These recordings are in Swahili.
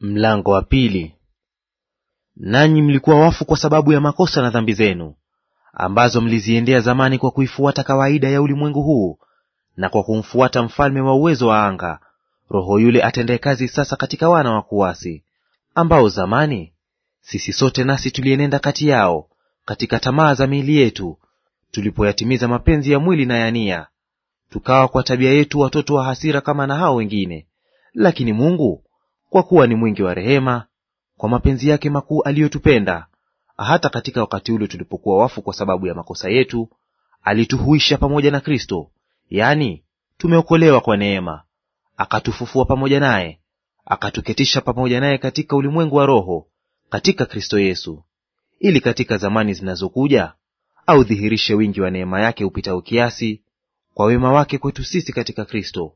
Mlango wa pili. Nanyi mlikuwa wafu kwa sababu ya makosa na dhambi zenu, ambazo mliziendea zamani kwa kuifuata kawaida ya ulimwengu huu, na kwa kumfuata mfalme wa uwezo wa anga, roho yule atendaye kazi sasa katika wana wa kuasi, ambao zamani sisi sote nasi tulienenda kati yao katika tamaa za miili yetu, tulipoyatimiza mapenzi ya mwili na ya nia, tukawa kwa tabia yetu watoto wa hasira kama na hao wengine. Lakini Mungu kwa kuwa ni mwingi wa rehema, kwa mapenzi yake makuu aliyotupenda, hata katika wakati ule tulipokuwa wafu kwa sababu ya makosa yetu, alituhuisha pamoja na Kristo, yaani tumeokolewa kwa neema. Akatufufua pamoja naye, akatuketisha pamoja naye katika ulimwengu wa roho, katika Kristo Yesu, ili katika zamani zinazokuja audhihirishe wingi wa neema yake upitao kiasi, kwa wema wake kwetu sisi katika Kristo.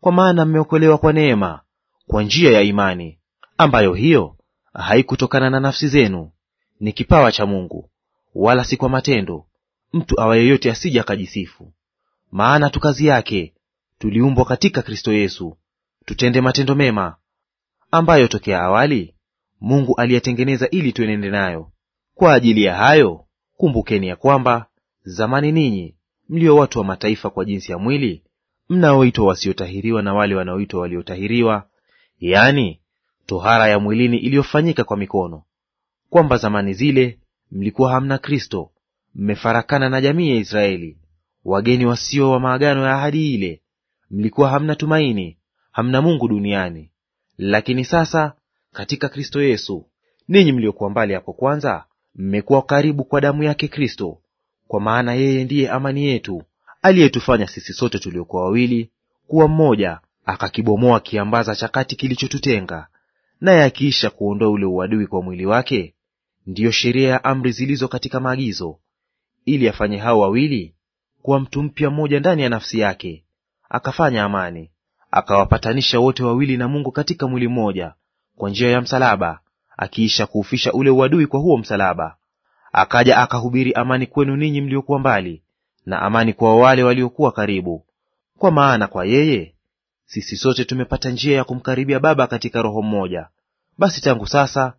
Kwa maana mmeokolewa kwa neema, kwa njia ya imani, ambayo hiyo haikutokana na nafsi zenu, ni kipawa cha Mungu, wala si kwa matendo, mtu awa yeyote asija akajisifu. Maana tu kazi yake tuliumbwa katika Kristo Yesu, tutende matendo mema, ambayo tokea awali Mungu aliyatengeneza ili tuenende nayo. Kwa ajili ya hayo kumbukeni ya kwamba zamani ninyi mlio watu wa mataifa kwa jinsi ya mwili, mnaoitwa wasiotahiriwa na wale wanaoitwa waliotahiriwa, yaani tohara ya mwilini iliyofanyika kwa mikono, kwamba zamani zile mlikuwa hamna Kristo, mmefarakana na jamii ya Israeli, wageni wasio wa maagano ya ahadi ile, mlikuwa hamna tumaini, hamna Mungu duniani. Lakini sasa katika Kristo Yesu, ninyi mliokuwa mbali hapo kwanza, mmekuwa karibu kwa damu yake Kristo, kwa maana yeye ndiye amani yetu, aliyetufanya sisi sote tuliokuwa wawili kuwa mmoja akakibomoa kiambaza cha kati kilichotutenga, naye akiisha kuondoa ule uadui kwa mwili wake, ndiyo sheria ya amri zilizo katika maagizo, ili afanye hao wawili kuwa mtu mpya mmoja ndani ya nafsi yake, akafanya amani, akawapatanisha wote wawili na Mungu katika mwili mmoja kwa njia ya msalaba, akiisha kuufisha ule uadui kwa huo msalaba. Akaja akahubiri amani kwenu ninyi mliokuwa mbali, na amani kwa wale waliokuwa karibu. Kwa maana kwa yeye sisi sote tumepata njia ya kumkaribia Baba katika roho mmoja. Basi tangu sasa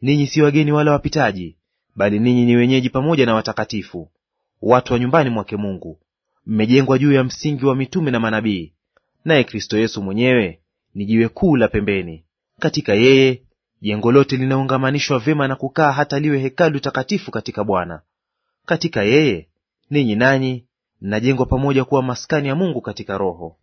ninyi si wageni wala wapitaji, bali ninyi ni wenyeji pamoja na watakatifu, watu wa nyumbani mwake Mungu, mmejengwa juu ya msingi wa mitume na manabii, naye Kristo Yesu mwenyewe ni jiwe kuu la pembeni. Katika yeye jengo lote linaungamanishwa vyema na kukaa hata liwe hekalu takatifu katika Bwana. Katika yeye ninyi nanyi mnajengwa pamoja kuwa maskani ya Mungu katika Roho.